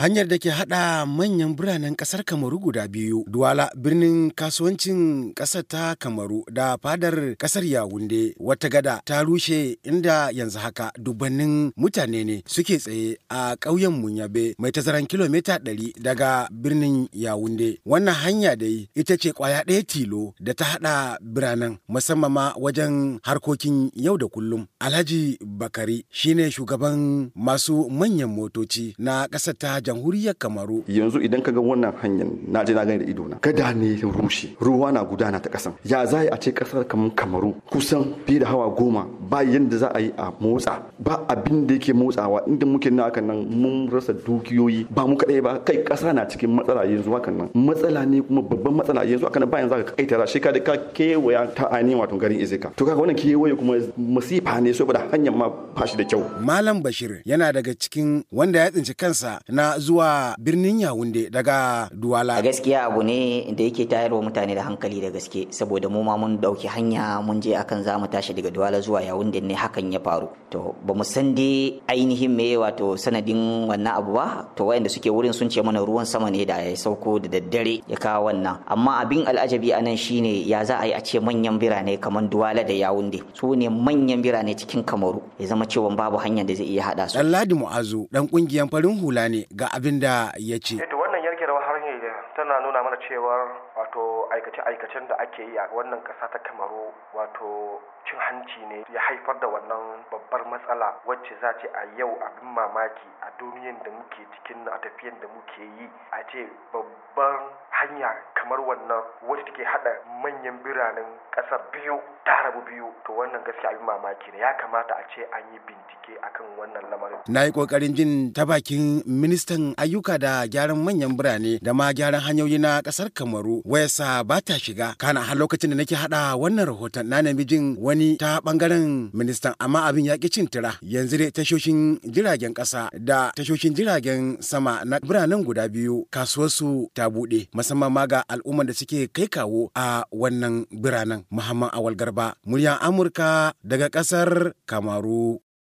hanyar da ke haɗa manyan biranen ƙasar kamaru guda biyu duwala birnin kasuwancin ƙasar ta kamaru da fadar ƙasar yawunde wata gada ta rushe inda yanzu haka dubannin mutane ne suke tsaye a ƙauyen munyabe mai tazaran kilomita 100 daga birnin yawunde wannan hanya dai ita ce kwaya ɗaya tilo da ta haɗa biranen musamman wajen harkokin yau da kullum alhaji bakari shine shugaban masu manyan motoci na ƙasar ta jamhuriyar kamaru yanzu idan ka ga wannan hanyar na je na gani da ido na gada ne rushe ruwa na gudana ta kasan ya za a ce kasar kamar kamaru kusan fiye da hawa goma ba yadda za a yi a motsa ba abin da yake motsawa inda muke na hakan nan mun rasa dukiyoyi ba mu kadai ba kai kasa na cikin matsala yanzu hakan nan matsala ne kuma babban matsala yanzu hakan nan bayan za ka kaitara shi ka da ka kewaya ta ainihin wato garin izika to kaga wannan kewaye kuma masifa ne saboda hanyar ma ba shi da kyau malam bashir yana daga cikin wanda ya tsinci kansa na zuwa birnin Yawunde daga Duwala. A gaskiya abu ne da yake tayarwa mutane da hankali da gaske saboda mu ma mun dauki hanya mun je akan zamu tashi daga Duwala zuwa Yawunde ne hakan ya faru. To ba mu san dai ainihin me wato sanadin wannan abu ba to wayanda suke wurin sun ce mana ruwan sama ne da ya sauko da daddare ya kawo wannan amma abin al'ajabi anan shine ya za a yi a ce manyan birane kamar Duwala da Yawunde su ne manyan birane cikin Kamaru ya zama cewa babu hanyar da zai iya hada su. Ladi Mu'azu dan kungiyar farin hula ne ga abin da ya ce. Eh, kirkirwa da tana nuna mana cewar wato aikace-aikacen da ake yi a wannan ƙasa ta kamaru wato cin hanci ne ya haifar da wannan babbar matsala wacce za ce a yau abin mamaki a duniyan da muke cikin a tafiyan da muke yi a ce babban hanya kamar wannan wacce take hada manyan biranen ƙasar biyu ta rabu biyu to wannan gaskiya abin mamaki ne ya kamata a ce an yi bincike akan wannan lamarin na yi ƙoƙarin jin ta bakin ministan ayyuka da gyaran manyan biranen ne da ma gyaran hanyoyi na kasar kamaru wayarsa ba ta shiga kana har lokacin da nake hada wannan rahoton na namijin wani ta bangaren ministan amma abin ya cin tira yanzu dai tashoshin jiragen kasa da tashoshin jiragen sama na biranen guda biyu kasuwarsu ta bude musamman ma ga al'umman da suke kai kawo a wannan biranen muhammad awal garba muryan amurka daga kasar kamaru